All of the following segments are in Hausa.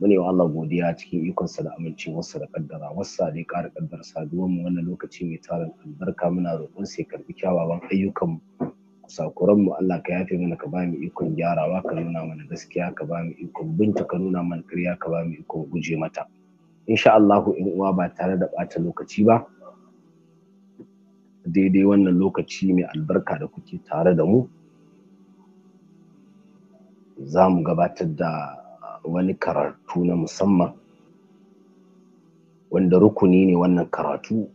mune wa Allah godiya cikin ikonsa da amincewarsa da kaddara wasa da ya ƙara kaddara saduwar mu wannan lokaci mai tarin albarka muna roƙon sai karɓi kyawawan ayyukan mu Allah ka yafe mana ka ba mu ikon gyarawa ka nuna mana gaskiya ka ba mu ikon binta ka nuna mana ƙarya ka ba mu ikon guje mata insha Allah in uwa ba tare da ɓata lokaci ba daidai wannan lokaci mai albarka da kuke tare da mu za mu gabatar da wani karatu na musamman wanda rukuni ne wannan karatu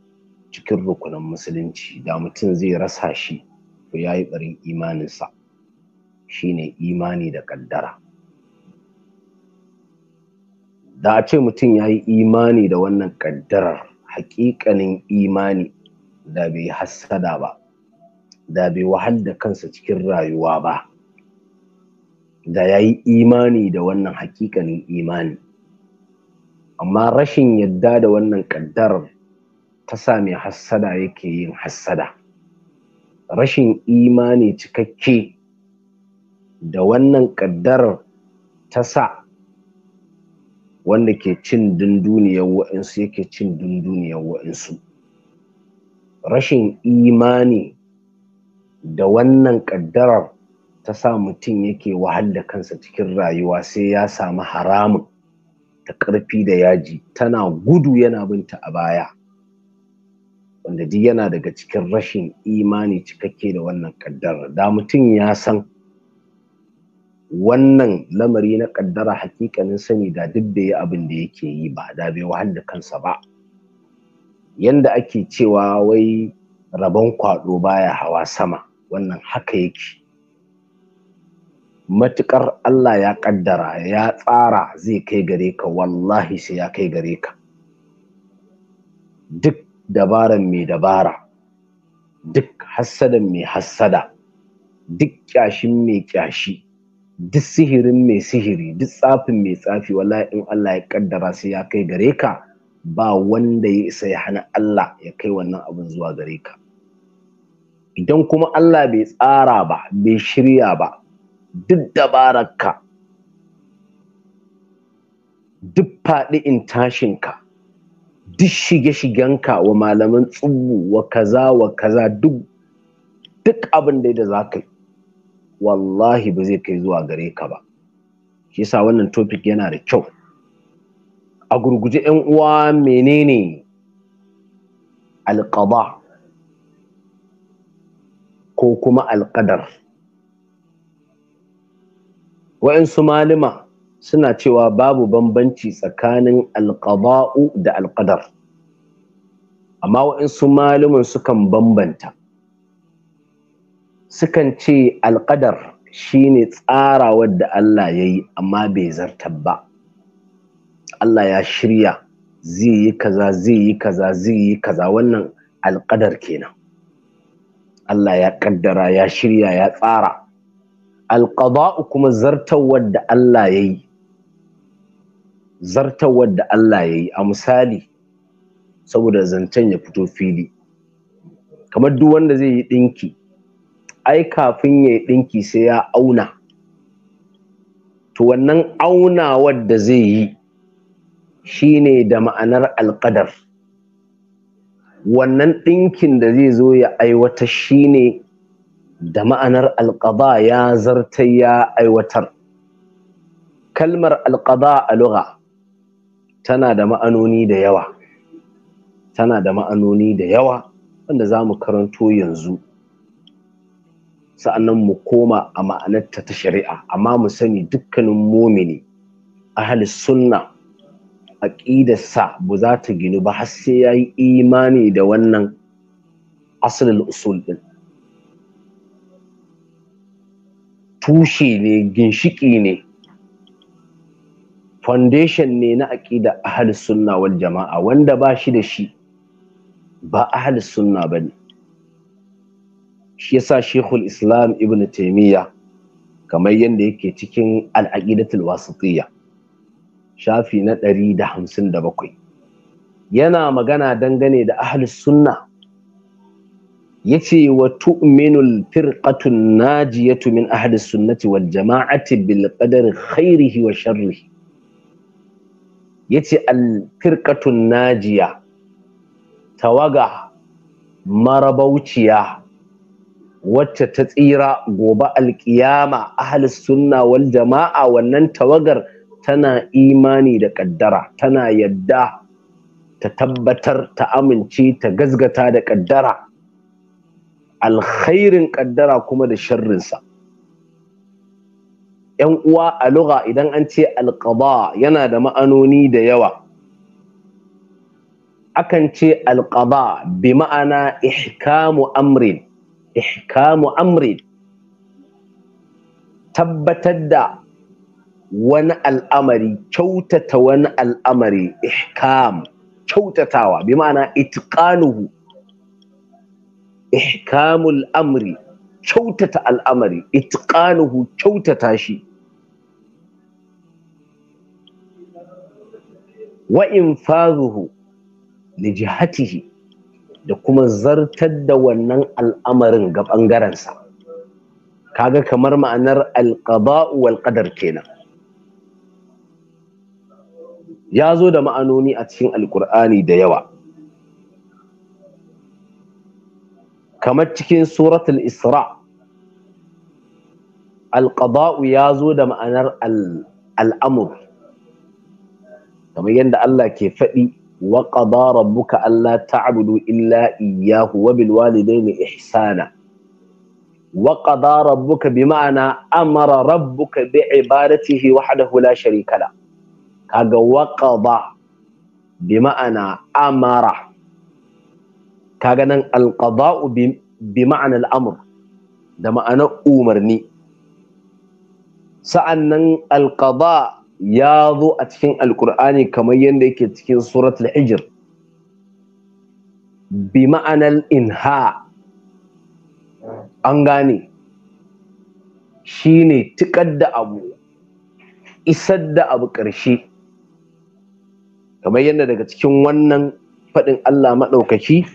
cikin rukunan musulunci da mutum zai rasa shi ko ya yi ɓarin imaninsa shine imani da ƙaddara da a ce mutum ya yi imani da wannan ƙaddarar haƙiƙanin imani da bai hassada ba da bai wahal da kansa cikin rayuwa ba da ya yi imani da wannan hakikanin imani amma rashin yadda da wannan ƙaddarar ta sa mai hassada yake yin hassada rashin imani cikakke da wannan ƙaddarar ta sa wanda ke cin dunduniyar wa'insu yake cin dunduniyar wa'insu rashin imani da wannan ƙaddarar ta sa mutum yake wahal da kansa cikin rayuwa sai ya samu haramun ta ƙarfi da yaji tana gudu yana binta a baya wanda duk yana daga cikin rashin imani cikakke da wannan ƙaddara da mutum ya san wannan lamari na ƙaddara hakikanin sani da duk da ya abin da yake yi ba da bai wahal da kansa ba yanda ake cewa wai rabon kwaɗo baya hawa sama wannan haka yake matukar Allah ya ƙaddara ya tsara zai kai gare ka wallahi sai ya kai gare ka duk dabaran mai dabara duk hassadan mai hassada duk kyashin mai ƙyashi, duk sihirin mai sihiri duk tsafin mai tsafi wallahi in Allah ya ƙaddara sai ya kai gare ka ba wanda ya isa ya hana Allah ya kai wannan abin zuwa gare ka idan kuma Allah bai tsara ba bai shirya ba duk dabararka duk faɗi in tashinka duk shige-shigenka wa malaman tsubu wa kaza wa kaza duk duk abin da da za ka yi wallahi ba zai kai zuwa gare ka ba shi yasa wannan topic yana da kyau a gurguje 'yan uwa menene alƙaba ko kuma alƙadar wa'insu malima suna cewa babu bambanci tsakanin alƙaba'u da alƙadar amma wa'insu malumin sukan bambanta sukan ce alƙadar shine tsara wadda Allah ya yi amma bai zartar ba Allah ya shirya zai yi kaza zai yi kaza zai yi kaza wannan alƙadar kenan Allah ya ƙaddara ya shirya ya tsara alƙaba'u kuma zartawar da Allah ya yi, zartawar da Allah ya yi. a misali saboda zancen ya fito fili kamar duk wanda zai yi ɗinki, ai kafin ya yi ɗinki sai ya auna to wannan aunawar da zai yi shi ne da ma'anar alƙadar wannan ɗinkin da zai zo ya aiwata ne. da ma'anar alƙada ya zartai ya aiwatar kalmar alƙada a lugha tana da ma'anoni da yawa tana da ma'anoni da yawa wanda za mu karanto yanzu sa'annan mu koma a ma'anarta ta shari'a amma mu sani dukkanin momini ahli sunna aqidarsa ba za ta ginu ba har sai yayi imani da wannan asalin usul din tushe ne ginshiki ne foundation ne na aƙida ahal sunna wal jama'a wanda ba shi da shi ba ahal sunna ba ne shi yasa shekul islam ibn taimiyya kamar yadda yake cikin al'aqidatul wasitiyya shafi na ɗari da da bakwai. yana magana dangane da ahal sunna yace wa tu'minul firqatun najiyatu min ahli sunnati wal jama'ati bil qadari khairihi wa sharrihi yace al firqatun najiya tawaga marabauciya wacce ta tsira gobe alkiyama ahli sunna wal jama'a wannan tawagar tana imani da kaddara tana yadda ta tabbatar ta amince ta gazgata da kaddara alkhairin kaddara kuma da sharrinsa yan uwa a lugha idan an ce alqada yana da ma'anoni da yawa akan ce alqada bi ma'ana ihkamu amrin ihkamu amrin tabbatar da wani al'amari kyautata wani al'amari ihkam kyautatawa bi ma'ana itqanuhu ihkamul amri kyautata al'amari itqanuhu kyautata shi wa infazuhu li jihatihi da kuma zartar da wannan al'amarin ga ɓangarensa kaga kamar ma'anar alqada'u wal qadar kenan ya zo da ma'anoni a cikin alƙur'ani da yawa كما تكين سورة الإسراء القضاء يازو دم أنر الأمر كما يند الله كيف وقضى ربك ألا تعبد إلا إياه وبالوالدين إحسانا وقضى ربك بمعنى أمر ربك بعبادته وحده لا شريك له كاغا وقضى بمعنى أمر kaga nan alqada'u bi ma'ana al'amr da ma'anar umarni sa'annan alqada ya zo a cikin Alƙur'ani kamar yadda yake cikin suratul hijr bi ma'anar inha an gane shine tikar da abu isar da abu ƙarshe kamar yadda daga cikin wannan faɗin Allah maɗaukaki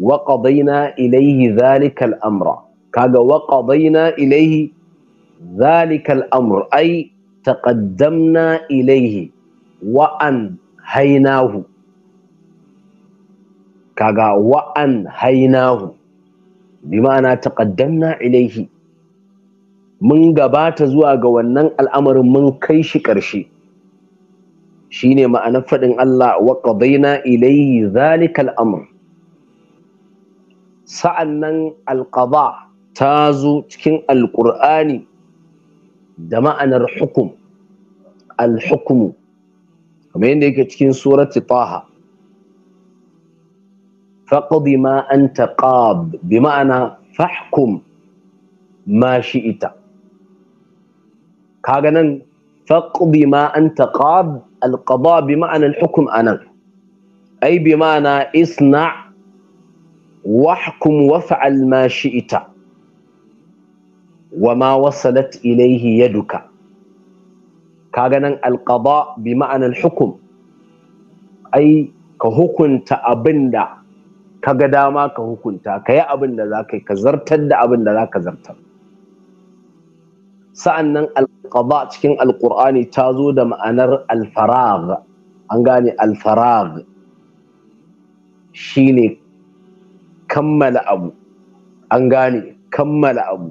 وقضينا إليه ذلك الأمر كاغا وقضينا إليه ذلك الأمر أي تقدمنا إليه وأنهيناه كاغا وأنهيناه بمعنى تقدمنا إليه من غبات زواغ ونن الأمر من كيش كرشي شيني ما faɗin Allah wa qadayna ilayhi zalikal amr nan alqada ta zo cikin Alƙur'ani da ma'anar hukum alhukumu kamar yadda yake cikin surati taha faqdi ma anta qab bi ma'ana fahkum ma shi'ita kaga nan faqdi ma anta qab alqada bi ma'ana alhukm anan ay bi ma'ana isna' wahkum wafa'al ma shi'ita wa ma wasalat ilaihi yaduka kaga nan alqada bi ma'anar hukum ai ka hukunta abinda ga dama ka hukunta ka yi abin za ka zartar da abin da za ka zartar sa'an nan alƙaba cikin alƙur'ani ta zo da ma'anar alfarag an gane alfarag shi ne kammala abu an gane kammala abu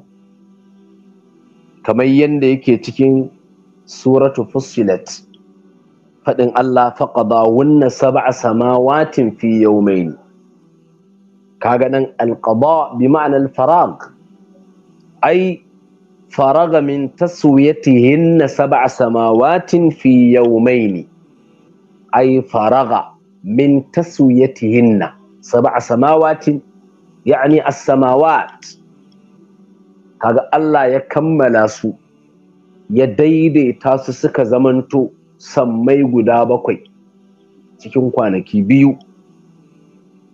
kamar yadda yake cikin suratu fussilat faɗin Allah faƙada wunna sab'a samawatin fi yawmayn kaga nan alqada bi ma'anar farag ai faraga min taswiyatihinna sab'a samawatin fi yawmayn ai faraga min taswiyatihinna sab'a samawatin yani as-samawat kaga Allah ya kammala su ya daidaita su suka zamanto sammai guda bakwai cikin kwanaki biyu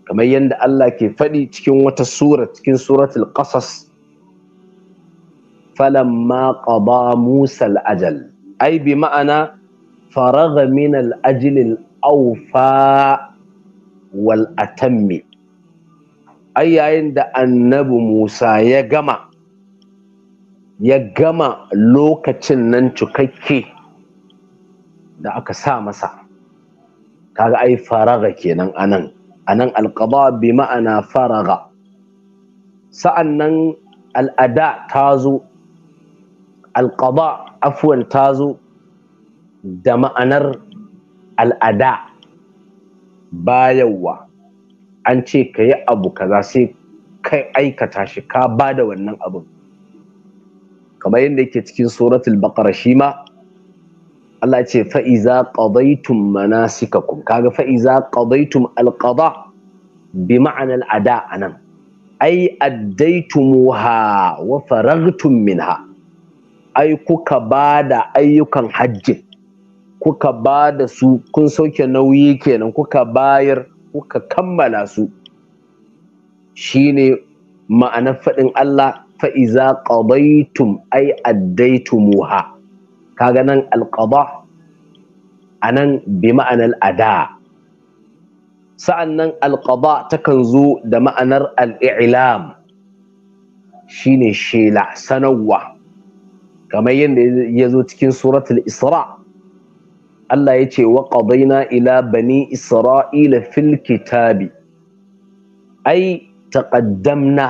kamar yadda Allah ke faɗi cikin wata sura cikin suratul ƙasas. falamma qada musa al-ajal ai bi ma'ana faragha min al aufa. wal atammi ai yayin da annabi Musa ya gama ya gama lokacin nan cikakke da aka sa masa kaga ai faraga kenan anan anan alqada bi ma'ana faraga sa'annan al'ada ta zo ta zo da ma'anar al'ada bayarwa an ce ka yi abu kaza sai kai aikata shi ka ba da wannan abin kamar yadda yake cikin suratul baqara shi ma Allah ce fa'iza qadaytum manasikakum kaga fa'iza qadaytum alqada bi ma'anar ada anan ai addaitumuha wa faragtum minha ai kuka ba da ayyukan hajji kuka ba da su kun sauke nauyi kenan kuka bayar kuka kammala su shine ma'anar faɗin Allah fa'iza ƙabaitum ai addaitumuha kaga nan alƙaba a nan bi ma'anar ada sa'an nan alƙaba takan zo da ma'anar al'ilam shine shela sanarwa kamar yadda ya zo cikin suratul isra' الله يتي وقضينا إلى بني إسرائيل في الكتاب أي تقدمنا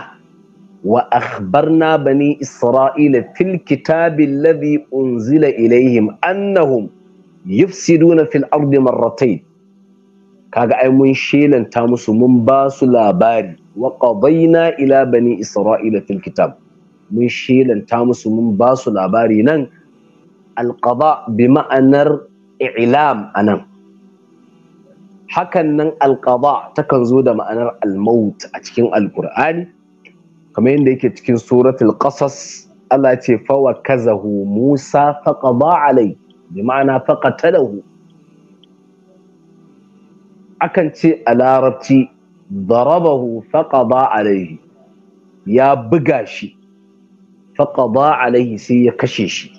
وأخبرنا بني إسرائيل في الكتاب الذي أنزل إليهم أنهم يفسدون في الأرض مرتين كاغا أي منشيلا تامس من باس لاباري وقضينا إلى بني إسرائيل في الكتاب منشيلا تامس من لا باري نن القضاء بمعنى i'lam anan hakan nan alqada takan zo da ma'anar almaut a cikin alqur'ani kamar yadda yake cikin suratul qasas Allah ce fawa kazahu Musa faqada alai bi ma'ana faqatalahu akan ce a larabci darabahu faqada alaihi ya buga shi faqada alaihi sai ya kashe shi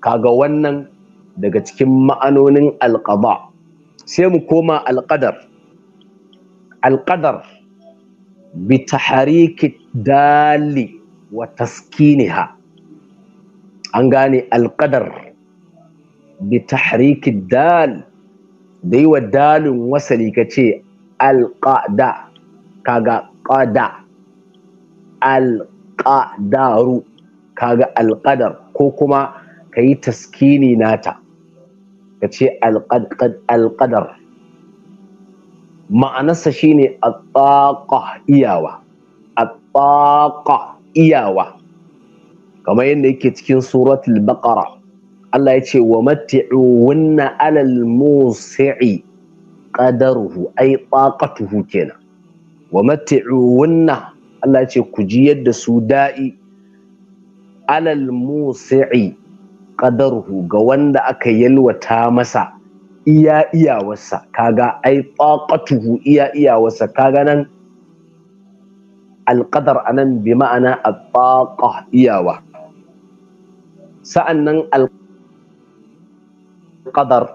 kaga wannan daga cikin ma'anonin alƙaba sai mu koma alƙadar alƙadar bi tahariki dali wa taskiniha an gane alƙadar bi tahariki dal da yi wa dalin wasali ka ce alƙada kaga ƙada alƙadaru kaga alƙadar ko kuma ka yi taskini nata ka ce alƙadar ma'anarsa shine attaqa iyawa attaqa iyawa kamar yadda yake cikin suratul baqara Allah ya ce wa matti'uwunna alal musi'i qadaruhu ay taqatuhu kenan wa matti'uwunna Allah ya ce ku ji yadda su da'i alal musi'i qadaruhu ga wanda aka yalwata masa iya iyawarsa kaga ai taqatuhu iya iyawarsa kaga nan alqadar anan bi ma'ana at-taqa iyawa sa'annan alƙadar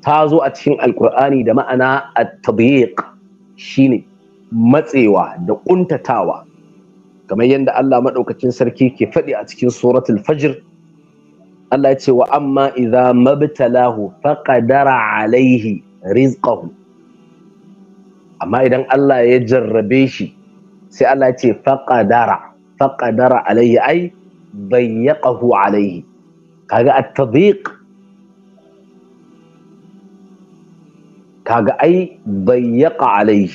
ta zo a cikin alqur'ani da ma'ana at tadhiq shine matsewa da kuntatawa kamar yadda Allah maɗaukacin sarki ke faɗi a cikin suratul fajr Allah ce wa amma idza mabtalahu faqadara alaihi rizqahu amma idan Allah ya jarrabe shi sai Allah ce faqadara faqadara alaihi ai bayyaqahu alaihi kaga at-tadhiq kaga ai bayyaqa alaihi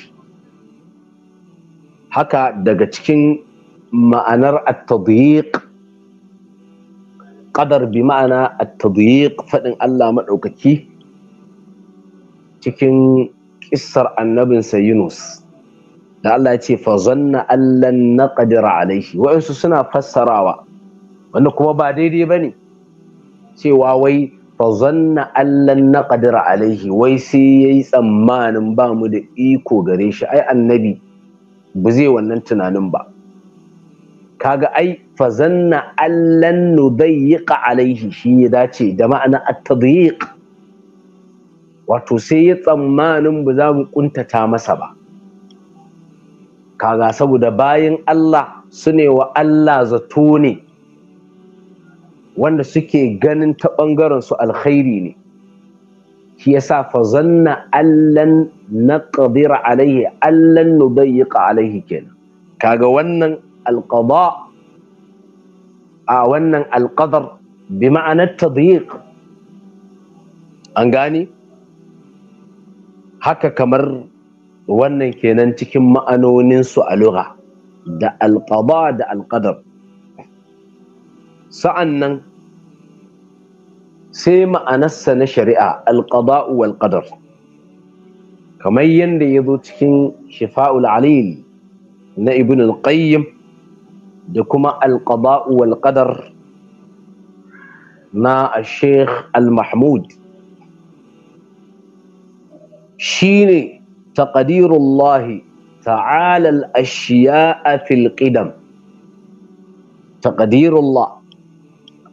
haka daga cikin ma'anar at-tadhiq qadar bi ma'ana at-tadyiq fadin Allah madaukaki cikin kissar annabinsa Yunus da Allah ya ce fa zanna allan naqdira alaihi wa'ansu suna fassarawa wanda kuma ba daidai bane cewa wai fa zanna allan naqdira alaihi wai sai yayi tsammanin ba mu da iko gare shi ai annabi ba zai wannan tunanin ba kaga ai fa zanna allan nudayyiqa alaihi shi ya dace da ma'ana at-tadyiq wato sai ya tsammanin ba za mu kuntata masa ba kaga saboda bayan Allah su ne wa Allah zato ne wanda suke ganin ta ɓangaren su alkhairi ne shi yasa fa zanna allan naqdir alaihi allan nudayyiqa alaihi kenan kaga wannan alqada a wannan alqadar bi ma'anar tadyiq an gane haka kamar wannan kenan cikin ma'anoninsu a lura da alƙaba da alƙadar sa'an nan sai ma'anarsa na shari'a alƙaba wal ƙadar kamar yadda ya zo cikin shifa'ul alil na ibn al-qayyim da kuma alƙaba'u wal qadar na sheikh al-mahmud shine taqdirullahi ta'ala al-ashiya'a fil qidam taqdirullah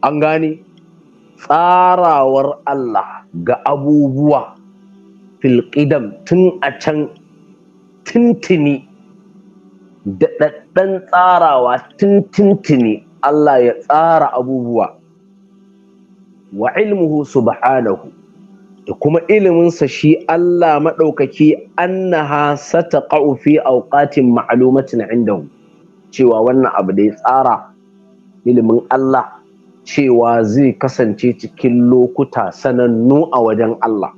an gani tsarawar Allah ga abubuwa fil qidam tun a can tuntuni daɗaɗɗen tsarawa tintintini Allah ya tsara abubuwa wa ilmuhu subhanahu da kuma iliminsa shi Allah maɗaukaki annaha sata fi auƙatin ma'alumatin indahu cewa wannan abu da ya tsara ilimin Allah cewa zai kasance cikin lokuta sanannu a wajen Allah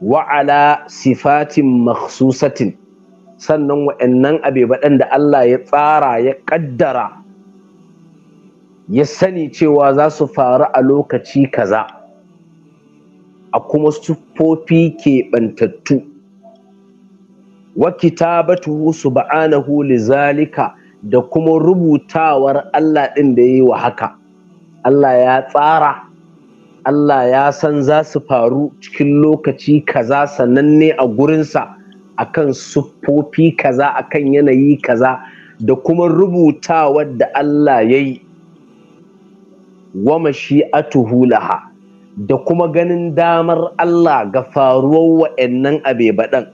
wa'ala sifatin makhsusatin sannan wa'annan abebaɗan da Allah ya tsara ya ƙaddara ya sani cewa za su faru a lokaci kaza a kuma siffofi keɓantattu wa ba'ana huli lizalika da kuma rubutawar Allah ɗin da yi wa haka Allah ya tsara Allah ya san za su faru cikin lokaci kaza sananne a gurinsa akan siffofi kaza akan yanayi kaza da kuma rubutawar da Allah ya yi wa mashi'atuhu laha da kuma ganin damar Allah ga faruwar wa'annan abebaɗan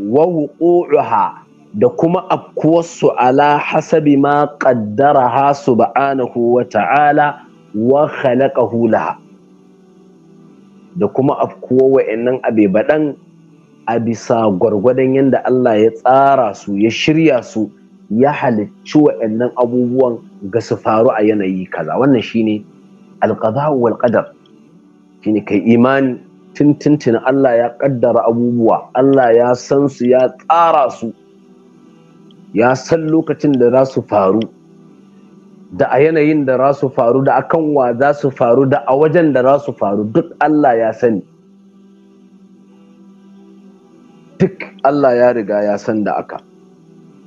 wa wuqu'uha da kuma afkuwarsu ala hasabi ma ha subhanahu wa ta'ala wa khalaqahu laha da kuma afkuwa wa'annan abebaɗan a bisa gwargwadon yadda Allah ya tsara su ya shirya su ya halicci wa'annan abubuwan ga su faru a yanayi kaza wannan shine alqada wal qadar shine kai imani tintintin Allah ya ƙaddara abubuwa Allah ya san su ya tsara su ya san lokacin da za su faru da a yanayin da za su faru da akan wa za su faru da a wajen da za su faru duk Allah ya sani duk Allah ya riga ya san da aka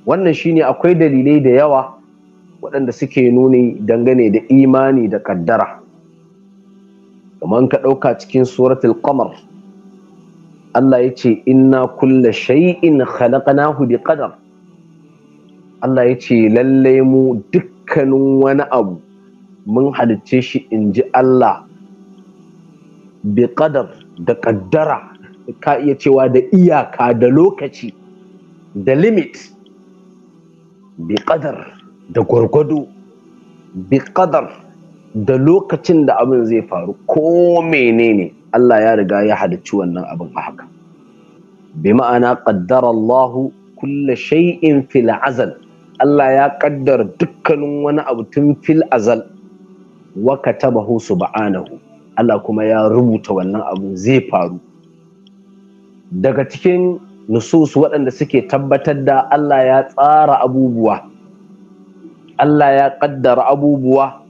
wannan shine akwai dalilai da yawa waɗanda suke nuni dangane da imani da kaddara kamar ka ɗauka cikin suratul qamar Allah ya ce inna kulla shay'in khalaqnahu bi qadar Allah ya ce lalle mu dukkanin wani abu mun halicce shi in ji Allah bi qadar da kaddara ka iya cewa da iyaka da lokaci da limit bi kadar da gwargwado bi kadar da lokacin da abin zai faru ko menene Allah ya riga ya halicci wannan abin a haka bi ma'ana qaddara Allah kulla shay'in fil azal Allah ya kaddar dukkanin wani abu tun fil azal wa katabahu subhanahu Allah kuma ya rubuta wannan abu zai faru daga cikin nusus waɗanda suke tabbatar da Allah ya tsara abubuwa Allah ya ƙaddara abubuwa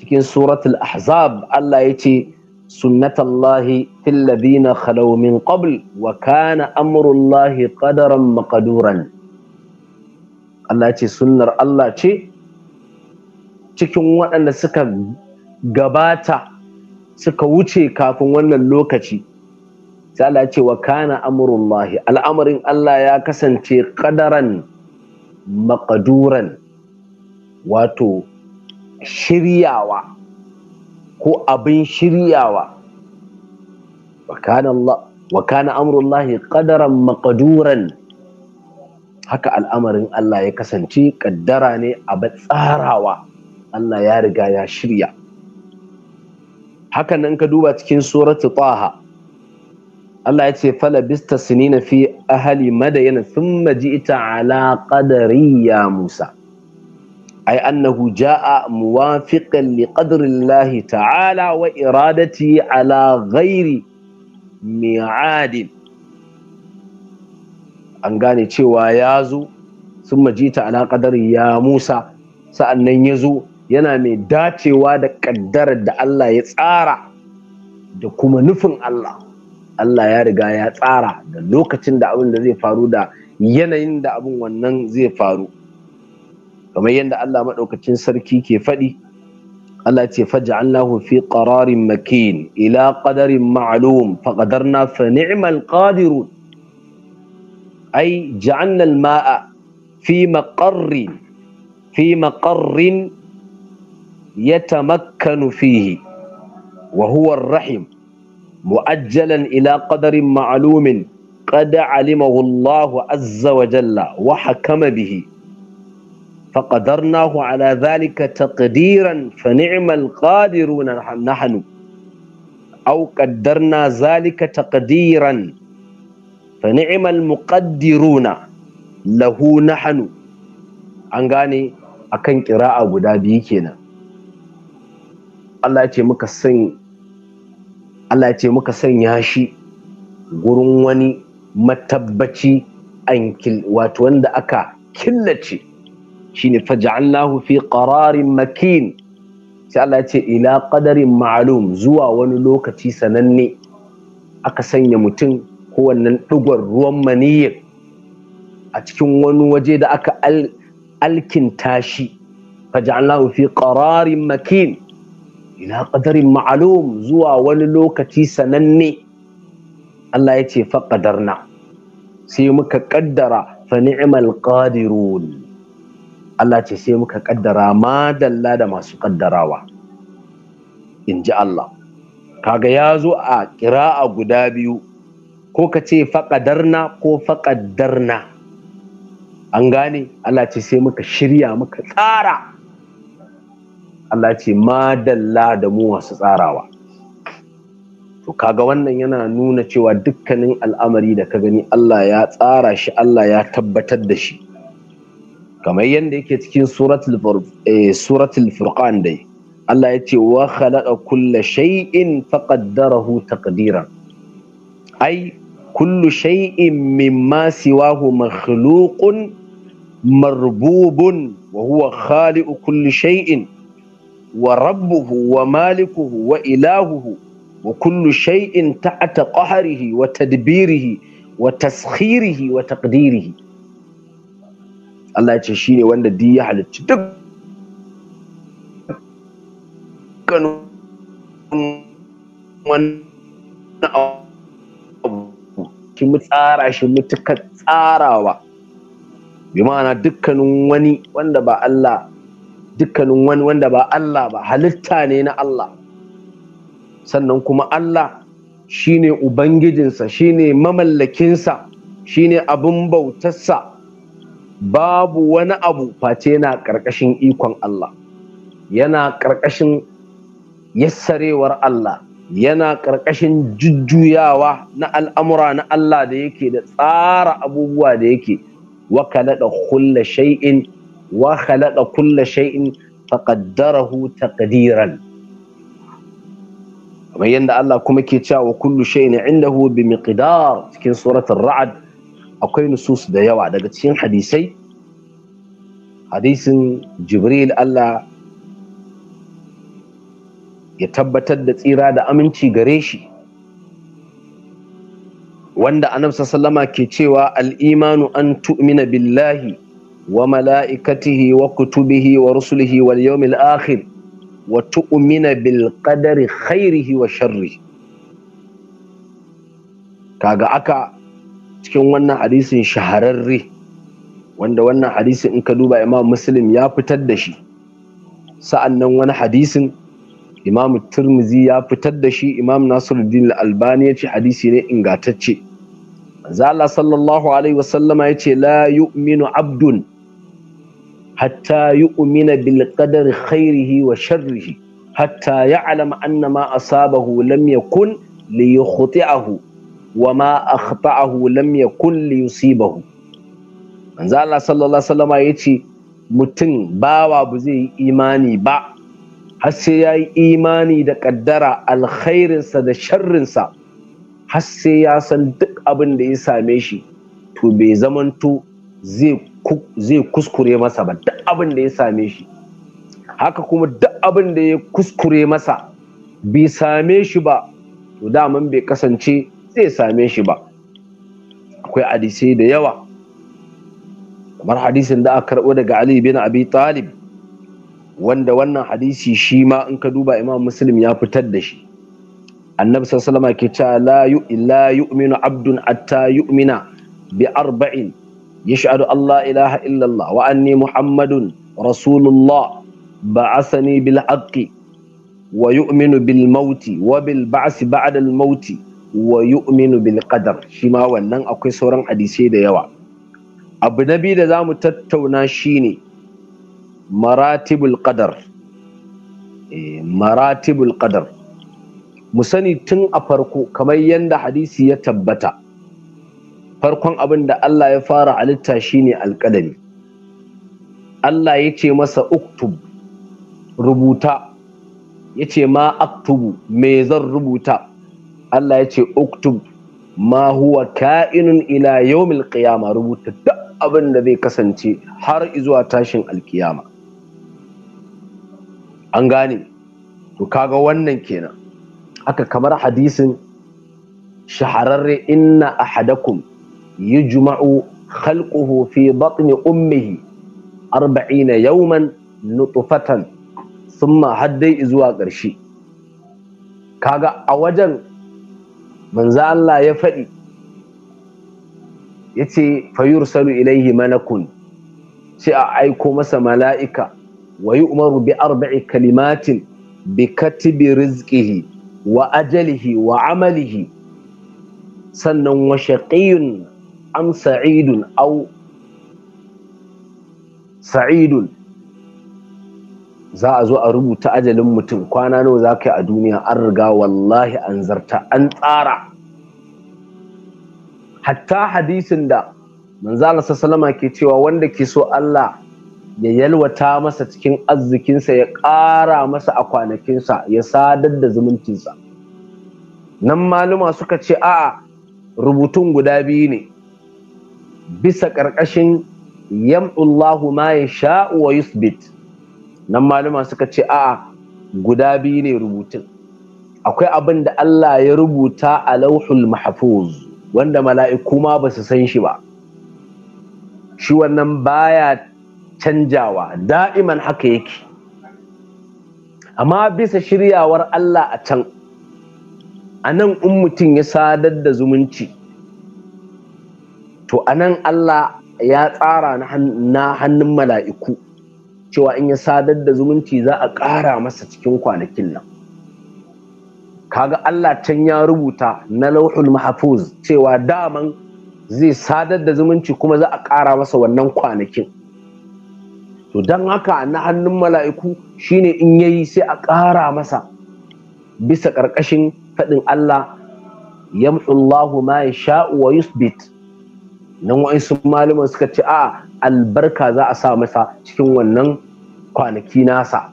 cikin suratul ahzab Allah ya ce sunnatallahi fil ladina khalaw min qabl wa kana amrullahi qadaran maqduran Allah ya ce sunnar Allah ce cikin waɗanda suka gabata suka wuce kafin wannan lokaci sai Allah ce wa kana al'amarin Allah ya kasance qadaran maƙaduran, wato shiryawa ko abin shiryawa wa kana Allah wa maƙaduran. amrullahi haka al'amarin Allah ya kasance ƙaddara ne a tsarawa Allah ya riga ya shirya haka nan ka duba cikin suratu taha Allah ya ce fala sinina fi ahali madayana thumma ita ala qadari ya Musa ay annahu jaa muwafiqan li qadri ta'ala wa iradati ala ghairi mi'adin an gane cewa ya zo thumma ji'ta ala qadari ya Musa sa'annan ya zo yana mai dacewa da ƙaddarar da Allah ya tsara da kuma nufin Allah Allah ya riga ya tsara da lokacin da abin da zai faru da yanayin da abin wannan zai faru kamar yadda Allah maɗaukacin sarki ke faɗi Allah ce faj'alnahu fi qararin makin ila qadarin ma'lum fa qadarna fa ni'mal qadirun ay ja'alna al-ma'a fi maqarrin fi maqarrin yatamakkanu fihi wa huwa ar-rahim mu'ajjalan ila qadarin ma'lumin qad alimahu Allah azza wa jalla wa bihi فقدرناه على ذلك تقديرا فنعم القادرون نحن أو قدرنا ذلك تقديرا فنعم المقدرون له نحن an gane akan a guda biyu kenan Allah ce muka san Allah ya ce muka sanya shi gurin wani matabbaci ankil wato wanda aka killace shine faj'alnahu fi qararin makin sai Allah ya ce ila qadarin ma'lum zuwa wani lokaci sananne aka sanya mutum ko wannan digon ruwan maniyyar a cikin wani waje da aka alkinta shi faj'alnahu fi qararin makin ila ƙadarin ma'alum zuwa wani lokaci sananne Allah ya ce faqadarna sai muka ƙaddara fa ni'mal qadirun Allah ce sai muka ƙaddara ma da masu ƙaddarawa. in ji Allah kaga ya zo a a guda biyu ko ka ce faƙadarna ko faƙadarna an gane Allah ce sai muka shirya muka tsara Allah ce madalla da mu masu tsarawa to kaga wannan yana nuna cewa dukkanin al'amari da ka gani Allah ya tsara shi Allah ya tabbatar da shi kamar yadda yake cikin suratul eh, furqan dai Allah ya ce wa khalaqa kulla shay'in faqaddarahu taqdiran ai kullu shay'in mimma siwahu makhluqun marbubun wa huwa khaliqu kulli shay'in wa rabbuhu wa malikuhu wa ilahuhu wa kullu shay'in ta'ata qahrihi wa tadbirihi wa taskhirihi wa taqdirihi Allah ya ce shine wanda duk ya halicci duk wani ki mu tsara shi mutukar tsarawa bi ma'ana dukkanin wani wanda ba Allah dukkanin wani wanda ba Allah ba halitta ne na Allah sannan kuma Allah shine ubangijinsa shine mamallakinsa shine abin bautarsa babu wani abu face yana ƙarƙashin ikon Allah yana ƙarƙashin yassarewar Allah yana ƙarƙashin jujjuyawa na al'amura na Allah da yake da tsara abubuwa da yake wakala da kulla shay'in wa khalaqa kulla shay'in faqaddarahu taqdiran kamar yadda Allah kuma ke cewa wa kullu shay'in indahu bi miqdar cikin suratul raad akwai nusus da yawa daga cikin hadisai hadisin jibril Allah ya tabbatar da tsira da aminci gare shi wanda annabi sallama ke cewa al-imanu an tu'mina billahi Wa wa wa وملائكته وكتبه wa tu'umina الآخر وتؤمن بالقدر خيره وشره kaga aka cikin wannan hadisin shahararre wanda wannan hadisin in ka duba imam muslim ya fitar da shi Sa'an nan wani hadisin imam turmizi ya fitar da shi imam Nasiru nasiruddin albani ya ce hadisi ne ingatacce zala sallallahu alaihi wasallama ya ce la yu'minu abdun hatta yu'mina umina bilƙadar khairihi wa sharrihi hatta ya'lama anna ma asabahu lam yakun li yukhti'ahu wa ma akhta'ahu lam yakun li yusibahu manzo Allah sallallahu alaihi wasallama yace mutum bawa ba zai yi imani ba har sai ya yi imani da ƙaddara alkhairinsa da sharrinsa har sai ya san duk abin da ya same shi to bai zamanto zai zai kuskure masa ba duk abin da ya same shi haka kuma duk abin da ya kuskure masa bai same shi ba to daman bai kasance zai same shi ba akwai hadisai da yawa kamar hadisin da aka karɓo daga Ali bin Abi Talib wanda wannan hadisi shi ma in ka duba Imam Muslim ya fitar da shi annabi sallallahu alaihi wasallam ke cewa la yu'minu abdun atta yu'mina bi arba'in يشهد الله إله إلا الله وأني محمد رسول الله بعثني بالحق ويؤمن بالموت وبالبعث بعد الموت ويؤمن بالقدر شما wannan akwai sauran hadisai da yawa abu na biyu da za mu tattauna shine maratibul qadar maratibul ƙadar, mu sani tun a farko kamar yadda hadisi ya tabbata farkon abin da Allah ya fara halitta shine alƙadari Allah ya ce masa uktub rubuta ya ce ma aktubu me zan rubuta Allah ya ce uktub ma huwa ka'inun ila yawmil ƙiyama rubuta duk abin da zai kasance har zuwa tashin alƙiyama. an gane to kaga wannan kenan haka kamar hadisin shahararre inna ahadakum Yi juma'u fi batni ummihi arba'ina yawman nutfatan summa haddai zuwa ƙarshe kaga a wajen Manza Allah ya faɗi yace fayursalu ilaihi malakun sai a aiko masa mala'ika wa yu'maru bi arba'i kalimatin bi katibi rizqihi wa ajalihi wa amalihi sannan wa shaqiyun am sa'idun au sa'idun za a zo a rubuta ajalin mutum kwana nawa za ka yi a duniya an riga wallahi an zarta an tsara hatta hadisin da manzala sallama ke cewa wanda ke so Allah ya yalwata masa cikin arzikinsa ya ƙara masa a kwanakinsa ya sadar da zumuncinsa nan maluma suka ce a'a rubutun guda biyu ne bisa ƙarƙashin yam'ullahu ma ya sha'u wa yusbit nan malama suka ce a'a guda biyu ne rubutun akwai abin da Allah ya rubuta a lauhul mahfuz wanda mala'iku ma ba su san shi ba shi wannan baya canjawa da'iman haka yake amma bisa shiryawar Allah a can a nan in mutum ya sadar da zumunci to anan Allah ya tsara na hannun mala'iku cewa in ya sadar da zumunci za a ƙara masa cikin kwanakin nan kaga Allah can ya rubuta na lauhul mahfuz cewa daman zai sadar da zumunci kuma za a ƙara masa wannan kwanakin to don haka na hannun mala'iku shine in yayi sai a ƙara masa bisa ƙarƙashin faɗin Allah yamhullahu ma ya sha'u wa yusbit nan wa'insu malaman suka ce a albarka za a sa masa cikin wannan kwanaki nasa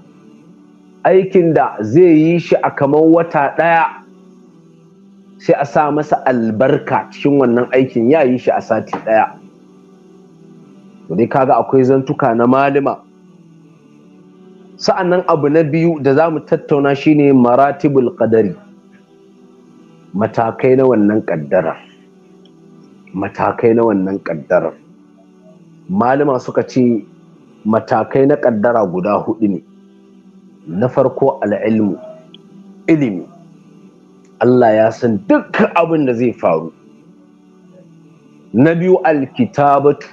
aikin da zai yi shi a kamar wata ɗaya sai a sa masa albarka cikin wannan aikin ya yi shi a sati ɗaya dai kaga akwai zantuka na malima sa'annan abu na biyu da za mu tattauna shine maratibul qadari matakai na wannan ƙaddarar matakai na wannan ƙaddarar malama suka ce matakai na kaddara guda hudu ne na farko al'ilmu ilimi Allah ya san dukkan abin da zai faru na biyu alkitabatu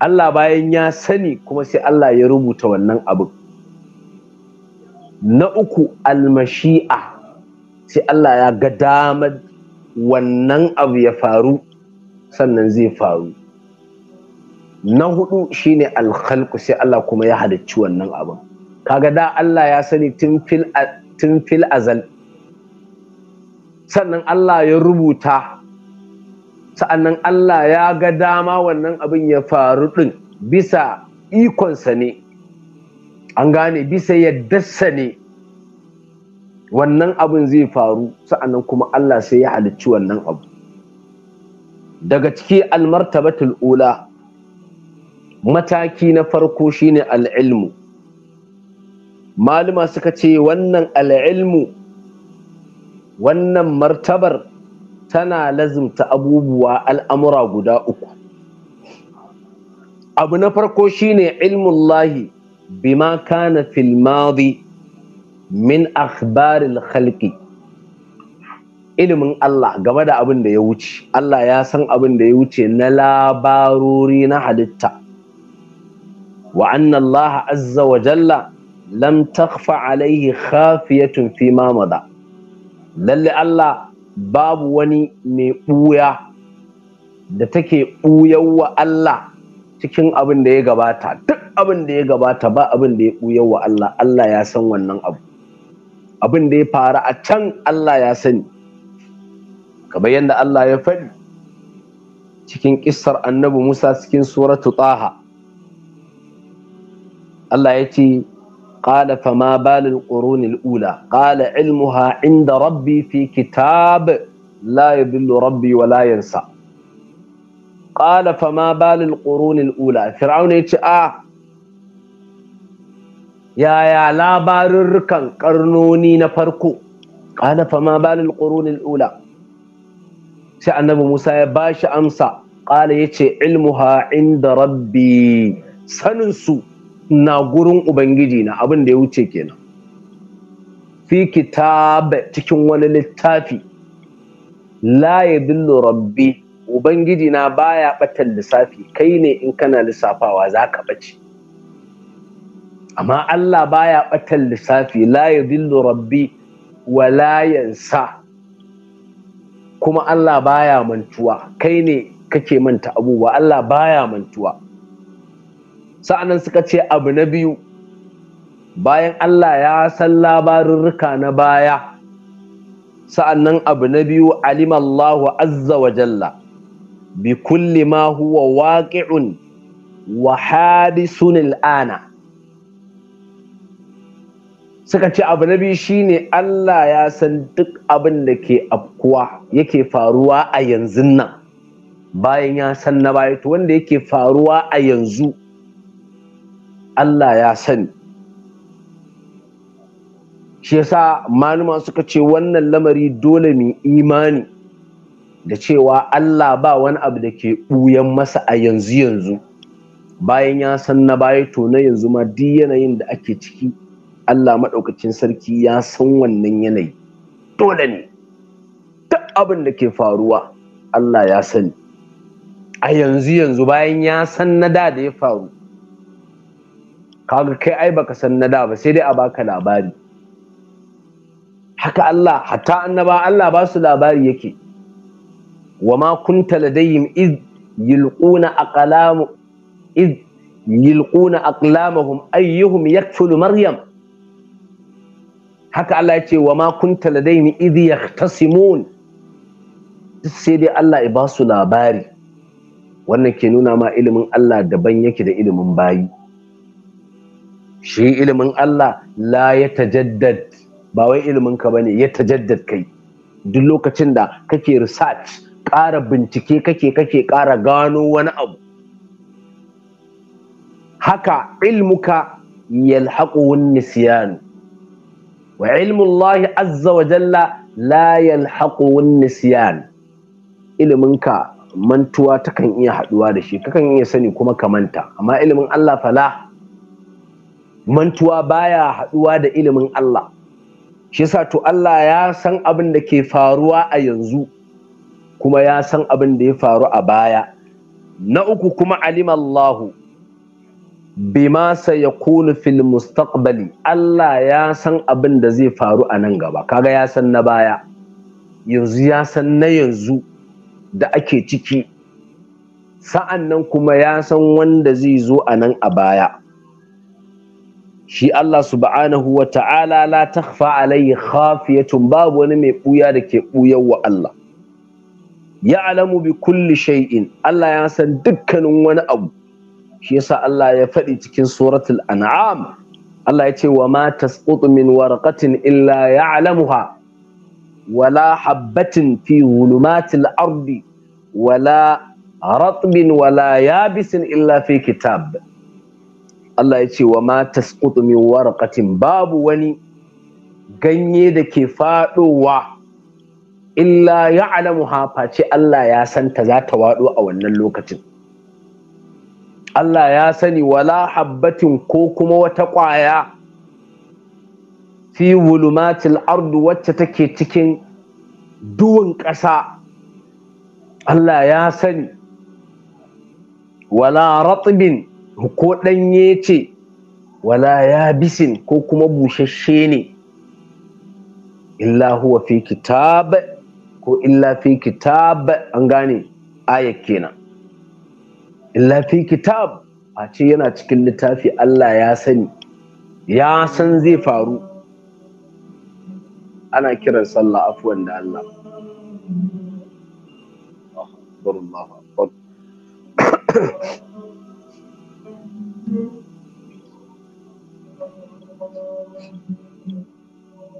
Allah bayan ya sani kuma sai Allah ya rubuta wannan abin na uku almashi'a sai Allah ya ga damar wannan abu ya faru sannan zai faru na hudu shine alkhalqu sai Allah kuma ya halicci wannan abin kaga da Allah ya sani tun fil azal sannan Allah ya rubuta sa'annan Allah ya ga dama wannan abin ya faru din bisa ikonsa ne an gane bisa yaddarsa ne wannan abin zai faru sa'annan kuma Allah sai ya halicci wannan abu daga ciki almartabatul ula mataki na farko shine al'ilmu maluma suka ce wannan al'ilmu wannan martabar tana lazimta abubuwa al'amura guda uku abu na farko shine ilmullahi bima kana fil madi min akhbaril khalqi ilimin Allah game da abin da ya wuce Allah ya san abin da ya wuce na labarori na halitta wa anna Allah azza wa jalla lam takhfa alaihi khafiyatun fi ma mada lalle Allah babu wani mai ɓuya da take ɓuyawa Allah cikin abin da ya gabata duk abin da ya gabata ba abin da ya ɓuyawa Allah Allah ya san wannan abu abin da ya faru a can Allah ya sani kamar yadda Allah ya faɗi cikin ƙisar annabi Musa cikin suratu taha Allah ya ce قال فما بال القرون الأولى قال علمها عند ربي في كتاب لا يضل ربي ولا ينسى قال فما بال القرون الأولى فرعون يتشاء yaya labarurrukan karnoni na farko qala fa ma balul ula sai annabi Musa ya bashi amsa qala yace ilmuha inda rabbi sanin su na gurin ubangiji na abin da ya wuce kenan fi kitab cikin wani littafi la ya billu rabbi ubangiji na baya batal lissafi kai ne in kana lissafawa zaka bace amma Allah baya ɓatan lissafi la yadhillu rabbi wa layansa. kuma Allah baya mantuwa kai ne kake manta abubuwa Allah baya mantuwa sa'annan suka ce abu na biyu bayan Allah ya san labarurruka na baya sa'annan abu na biyu alimallahu azza wa jalla bi kulli ma huwa waqi'un wa hadisun al'ana suka ce abu na biyu shine Allah ya san duk abin da ke afkuwa yake faruwa a yanzu nan bayan ya san na baya wanda yake faruwa a yanzu Allah ya sani shi yasa manuma suka ce wannan lamari dole mu imani da cewa Allah ba wani abu da ke ɓuyan masa a yanzu yanzu bayan ya san na baya to na yanzu ma duk yanayin da ake ciki Allah maɗaukacin sarki ya san wannan yanayi dole ne duk abin da ke faruwa Allah ya sani a yanzu yanzu bayan ya san na da da ya faru kaga kai ai baka san na da ba sai dai a baka labari haka Allah hatta annaba Allah ba su labari yake wa ma kunta ladayhim id yulquna aqlamu id yulquna aqlamahum ayyuhum yaktulu maryam haka Allah ya ce wa ma kunta ladaini idh yahtasimun sai dai Allah ya ba su labari wannan ke nuna ma ilimin Allah daban yake da ilimin bayi shi ilimin Allah la ya tajaddad ba wai ilimin ka bane ya tajaddad kai duk lokacin da kake research ƙara bincike kake kake ƙara gano wani abu haka ilmuka yalhaqu nisyan wa ilmullahi azza wa jalla la yalhaqu wan nisyan iliminka mantuwa takan iya haɗuwa da shi kakan iya sani kuma ka manta amma ilimin Allah fala mantuwa baya haɗuwa da ilimin Allah shi yasa to Allah ya san abin da ke faruwa a yanzu kuma ya san abin da ya faru a baya na uku kuma alimallahu Mm. bima ya kunu fil mustaqbali Allah ya san abin da zai faru a nan gaba kaga ya san na baya yanzu ya san na yanzu da ake ciki sa'an nan kuma ya san wanda zai zo a nan a baya shi Allah subhanahu wa ta'ala la takhfa alayhi khafiyatun babu wani mai buya da ke buyar wa Allah ya bi kulli shay'in Allah ya san dukkanin wani abu shi yasa Allah ya faɗi cikin suratul an'am Allah ya ce wa ma tasqutu min warqatin illa ya'lamuha wala habbatin fi zulumatil ardi wala ratbin wala yabisin illa fi kitab Allah ya ce wa ma tasqutu min warqatin babu wani ganye da ke faɗowa illa ya'lamuha face Allah ya santa za ta waɗo a wannan lokacin Allah ya sani wala habbatin ko kuma wata ƙwaya fi wulumatil ardu wacce take cikin duwun ƙasa Allah ya sani wala ratbin ko ɗanye ce wala yabisin ko kuma bushashe ne illa huwa fi kitab ko illa fi kitab an gane ayat kenan illa fi kitab a ce yana cikin littafi Allah ya sani ya san zai faru ana kiran sallah afuwan da Allah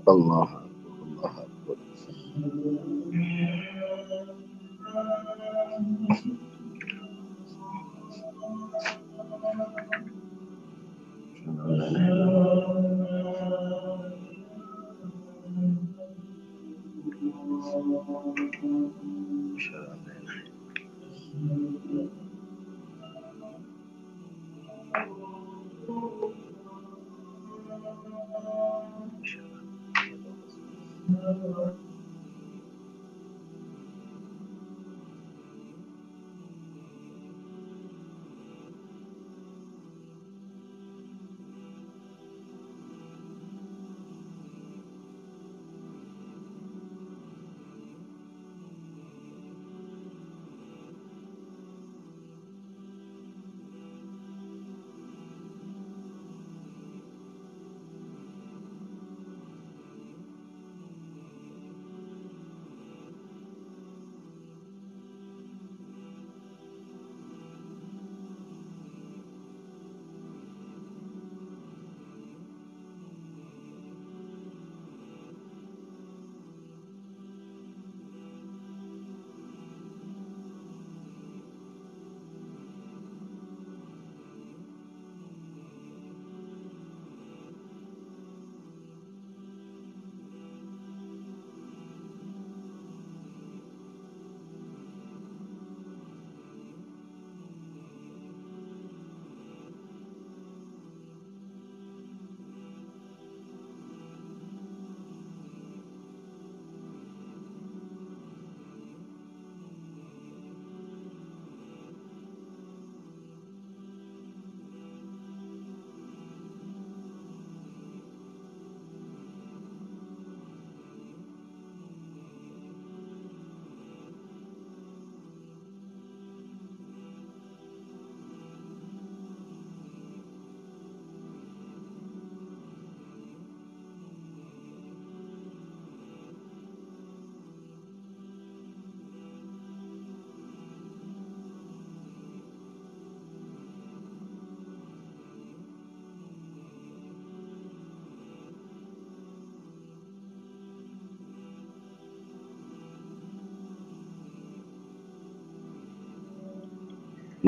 Allah Allah Shalom.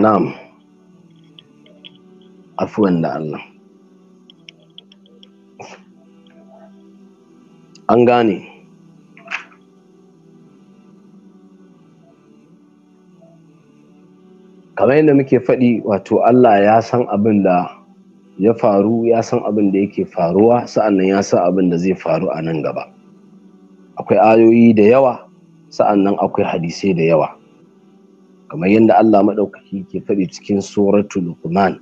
Na'am. Afuwan da Allah. An gane. Kamar yadda muke faɗi wato Allah ya san abin da ya faru ya san abin da yake faruwa sa'annan ya san abin da zai faru a nan gaba. Akwai ayoyi da yawa sa'annan akwai hadisai da yawa. kamar yadda Allah maɗaukaki ke faɗi cikin suratul Luqman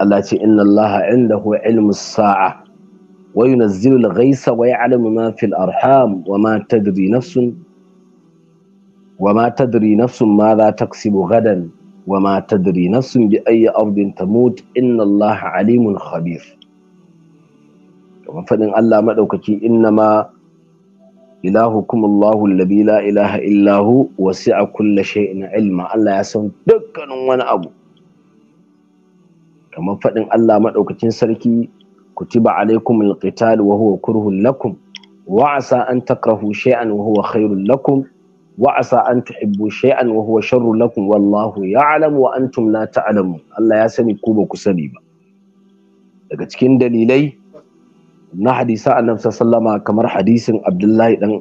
Allah ce inna Allah huwa ilmu sa'a wa yunazzilu al-ghaysa wa ya'lamu ma fil arham wa ma tadri nafsun wa ma tadri nafsun ma za taksibu gadan wa ma tadri nafsun bi ayyi ardin tamut inna Allah alimun khabir kamar faɗin Allah maɗaukaki inna ma ilahukum Allahu labi la ilaha illahu wasi'a kulli shay'in ilma Allah ya san dukkanin wani abu kamar faɗin Allah maɗaukacin sarki kutiba alaikum alqital wa huwa kurhun lakum wa asa an takrahu shay'an wa huwa khairun lakum wa asa an tuhibbu shay'an wa huwa sharrun lakum wallahu ya'lam wa antum la ta'lamun Allah ya sani ku ba ku sani ba daga cikin dalilai na hadisa annabi sallama kamar hadisin abdullahi dan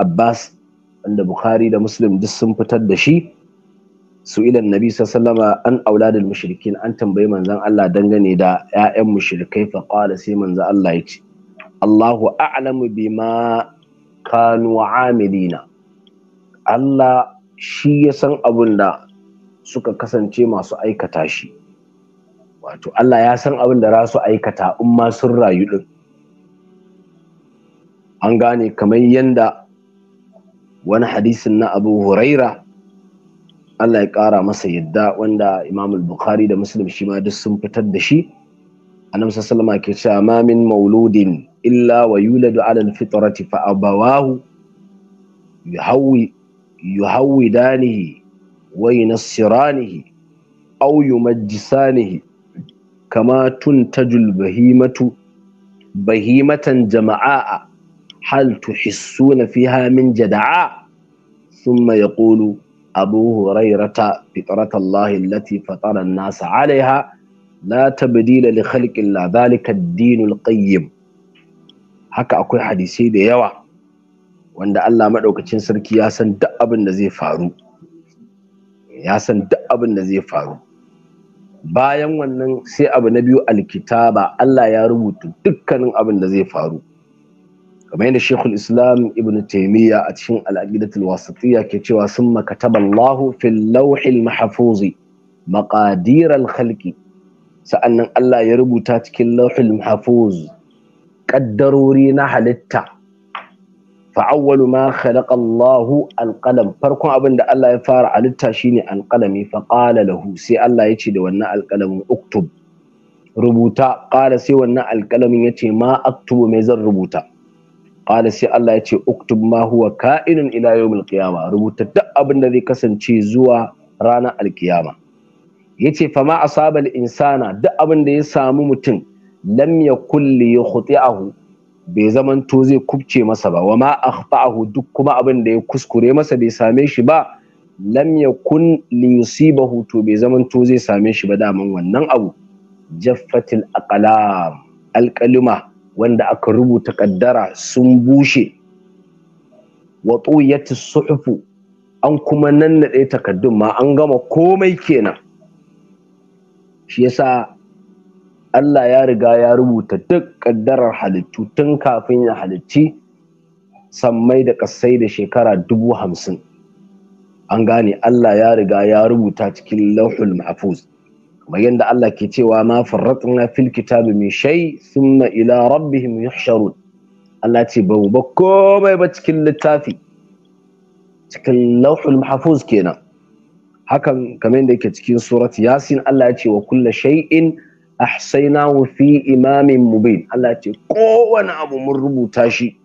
abbas wanda bukhari da muslim duk sun fitar da shi su ilan nabi sallama an auladul mushrikin an tambayi manzan Allah dangane da 'ya'yan mushrikai fa qala sai manzon Allah yace Allahu a'lamu bima kanu amilina Allah shi ya san abun da suka kasance masu aikata shi wato Allah ya san abin da za su aikata in ma sun rayu din an gane kamar yanda wani hadisin na abu huraira Allah ya ƙara masa yadda wanda imam bukhari da muslim shi ma duk sun fitar da shi annabi sallama ke cewa ma min mauludin illa wa yuladu ala al-fitrati fa abawahu yuhawwi yuhawwidanihi wa yunassiranihi aw yumajjisanihi kama tun tajul bahimatu bahimatan jama'a hal tuhissuna fiha min jada'a thumma yaqulu abu hurairata fitrat allahi allati fatara an-nas la tabdila li khalqi illa dhalika ad haka akwai hadisai da yawa wanda Allah maɗaukacin sarki ya san duk ya san duk abin da zai faru bayan wannan sai abu na biyu alkitaba Allah ya rubuta dukkanin abin da zai faru kamar yadda shekul islam ibn taimiyya a cikin al'aqidatul wasatiyya ke cewa sun makataba Allah fil lawhil mahfuz maqadir al khalqi sa'annan Allah ya rubuta cikin lawhil mahfuz kaddarori na halitta fa'awwalu ma khalaqa Allahu alqalam farkon abin da Allah ya fara halitta shine alqalami fa qala lahu sai Allah ya ce da wannan alqalamin uktub rubuta qala sai wannan alqalamin ya ce ma aktubu mai zan rubuta qala sai Allah ya ce uktub ma huwa ka'inun ila yawmil rubuta duk abin da zai kasance zuwa ranar alkiyama yace fa ma asaba al insana duk abin da ya samu mutum lam yakul li yukhti'ahu bai zamanto zai kubce masa ba wa ma akhfa'ahu duk kuma abin da ya kuskure masa bai same shi ba lam yakun li yusibahu to bai zamanto zai same shi ba daman wannan abu jaffatil aqlam alqalima wanda aka rubuta kaddara sun bushe wa tuyati suhufu an kuma nannaɗe takaddun ma an gama komai kenan shi yasa Allah ya riga ya rubuta duk ƙaddarar halittu tun kafin ya halicci sammai da ƙasai da shekara dubu hamsin an gane Allah ya riga ya rubuta cikin lauhul mahfuz kamar yadda Allah ke cewa ma farratna fil kitabi min shay thumma ila rabbihim yuhsharun Allah ce ba ba komai ba cikin littafi cikin lauhul mahfuz kenan hakan kamar yadda yake cikin surat yasin Allah ya ce wa kullu shay'in ahsaynahu fi imamin mubin Allah ce kowane abu mun rubuta shi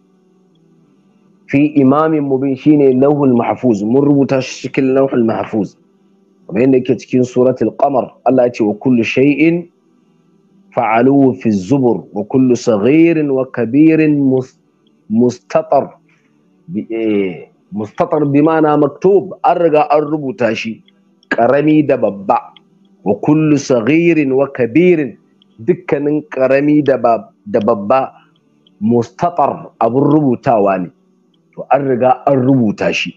fi imamin mubin shine lauhul mahfuz mun rubuta shi cikin lauhul mahfuz kamar yadda yake cikin suratul qamar Allah ya ce wa kullu shay'in fa'aluhu fi zubur wa kullu saghirin wa kabirin mustatar eh, mustatar bi ma'ana maktub an riga an rubuta shi karami da babba wa kullu saghirin wa kabirin dukkanin karami da babba mustaqar abun rubutawa ne to an riga an rubuta shi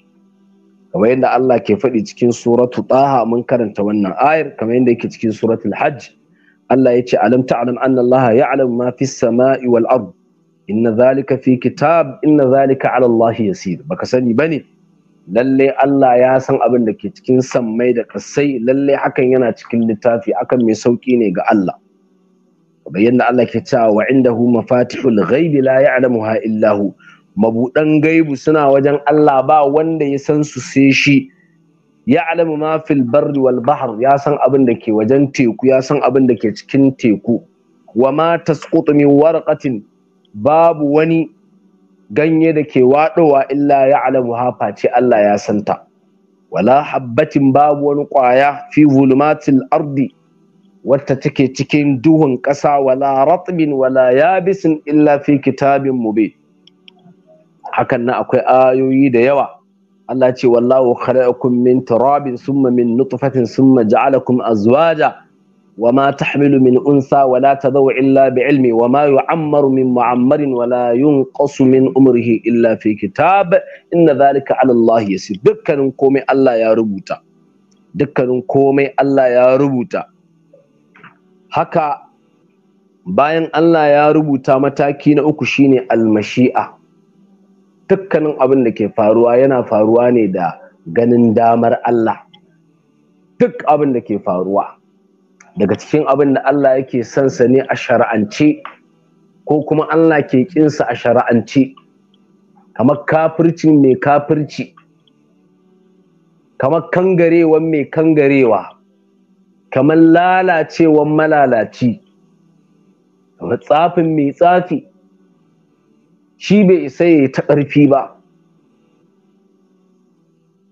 kamar yadda Allah ke faɗi cikin suratu taha mun karanta wannan ayar kamar yadda yake cikin suratul hajj Allah ya ce alam ta'lam anna Allah ya'lamu ma fi samai wal ard inna zalika fi kitab inna zalika ala Allah yasir baka sani bane lalle Allah ya san abin da ke cikin sammai da kasai lalle hakan yana cikin littafi akan mai sauki ne ga Allah bayyana yadda Allah ke cewa wa indahu mafatihul ghaibi la ya'lamuha illa hu mabudan gaibu suna wajen Allah ba wanda ya san su sai shi ya'lamu ma fil bardi wal bahr ya san abin da ke wajen teku ya san abin da ke cikin teku wa ma tasqutu min warqatin babu wani ganye da ke waɗowa illa ya alamu hafa ce Allah ya santa wala habbatin babu wani ƙwaya fi zulumatil ardi wata take cikin duhun ƙasa wala ratmin wala yabisin illa fi kitabin mube hakan na akwai ayoyi da yawa Allah ce wallahu khalaqakum min turabin summa min nutfatin summa ja'alakum azwaja وما تحمل من أنثى ولا تضوع إلا بعلمي وما يعمر من معمر ولا ينقص من أمره إلا في كتاب إن ذلك على الله يسير دكان كومي الله يا ربوتا دكان كومي الله يا ربوتا هكا bayan Allah ya rubuta mataki na uku shine almashi'a dukkanin abin da ke faruwa yana faruwa ne da ganin damar Allah duk abin da ke faruwa daga cikin abin da Allah yake son sa ne a shar'ance ko kuma Allah ke kinsa a shar'ance kamar kafirci mai kafirci kamar kangarewan mai kangarewa kamar lalacewan malalaci kamar tsafin mai tsafi shi bai isa ya ta ƙarfi ba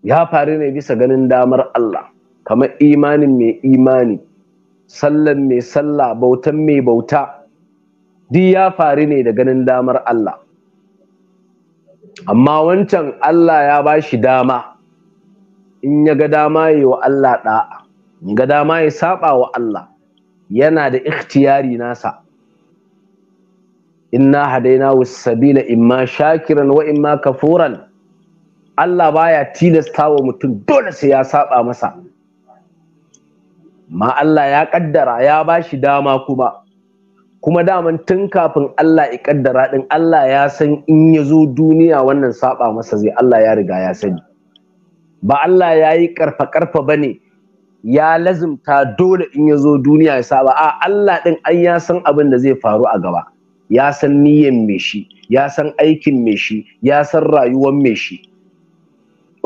ya faru ne bisa ganin damar Allah kamar imanin mai imani sallan mai sallah bautan mai bauta duk ya faru ne da ganin damar Allah amma wancan Allah ya ba shi dama in ya ga dama yi wa Allah ɗa'a in ga dama ya saba wa Allah yana da ikhtiyari nasa inna hadaina sabila imma shakiran wa imma kafuran Allah baya tilasta wa mutum dole sai ya saba masa ma Allah ya kaddara ya ba shi dama kuma kuma daman tun kafin Allah ya kaddara din Allah ya san in ya zo duniya wannan saba masa zai Allah ya riga ya sani ba Allah ya yi karfa karfa bane ya lazimta dole in ya zo duniya ya saba a Allah din an ya san abin da zai faru a gaba ya san niyyan me shi ya san aikin me shi ya san rayuwar me shi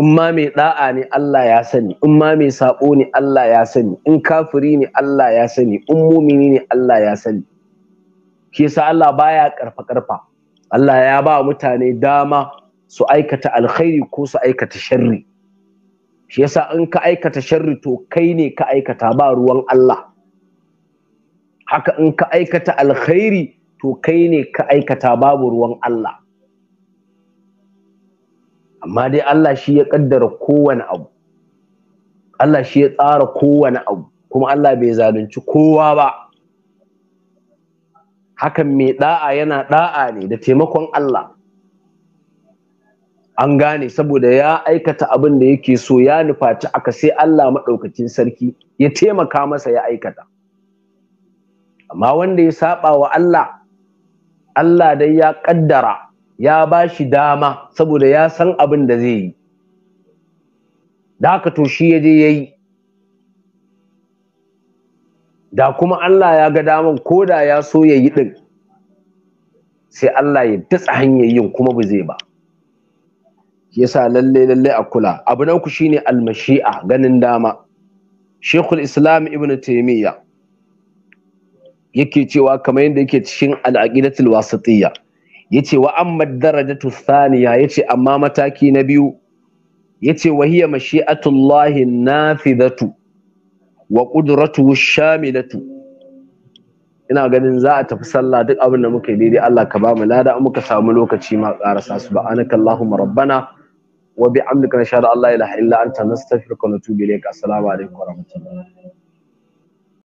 in mai da'a ne Allah ya sani in mai sako ne Allah ya sani in kafiri ne Allah ya sani in mumini ne Allah ya sani shi yasa Allah baya karfa karfa Allah ya ba mutane dama su aikata alkhairi ko su aikata sharri shi yasa in ka aikata sharri to kai ne ka aikata ba ruwan Allah haka in ka aikata alkhairi to kai ne ka aikata babu ruwan Allah amma dai Allah shi ya kaddara kowane abu Allah shi ya tsara kowane abu kuma Allah bai zalunci kowa ba hakan mai da'a yana da'a ne da taimakon Allah an gane saboda ya aikata abin da yake so ya nufaci aka sai Allah maɗaukacin sarki ya taimaka masa ya aikata amma wanda ya saba wa Allah Allah dai ya ƙaddara ya ba shi dama saboda ya san abin da zai yi da haka to shi ya je ya yi da kuma Allah ya ga daman ko da ya so ya yi ɗin sai Allah ya datsa hanyar yin kuma ba zai ba yasa lalle lalle a kula abu na uku shine almashi'a ganin dama shekul islam ibn taimiyya yake cewa kamar yadda yake cikin alaƙidatul wasatiyya yace wa amma darajatu thaniya yace amma mataki na biyu yace wa hiya mashi'atullahi nafidatu wa qudratuhu shamilatu ina ganin za a tafi sallah duk abin da muka yi daidai Allah ka bamu mu lada muka samu lokaci ma karasa subhanaka allahumma rabbana wa bi'amdika nashhadu an la ilaha illa anta nastaghfiruka wa natubu ilayka assalamu alaikum wa rahmatullahi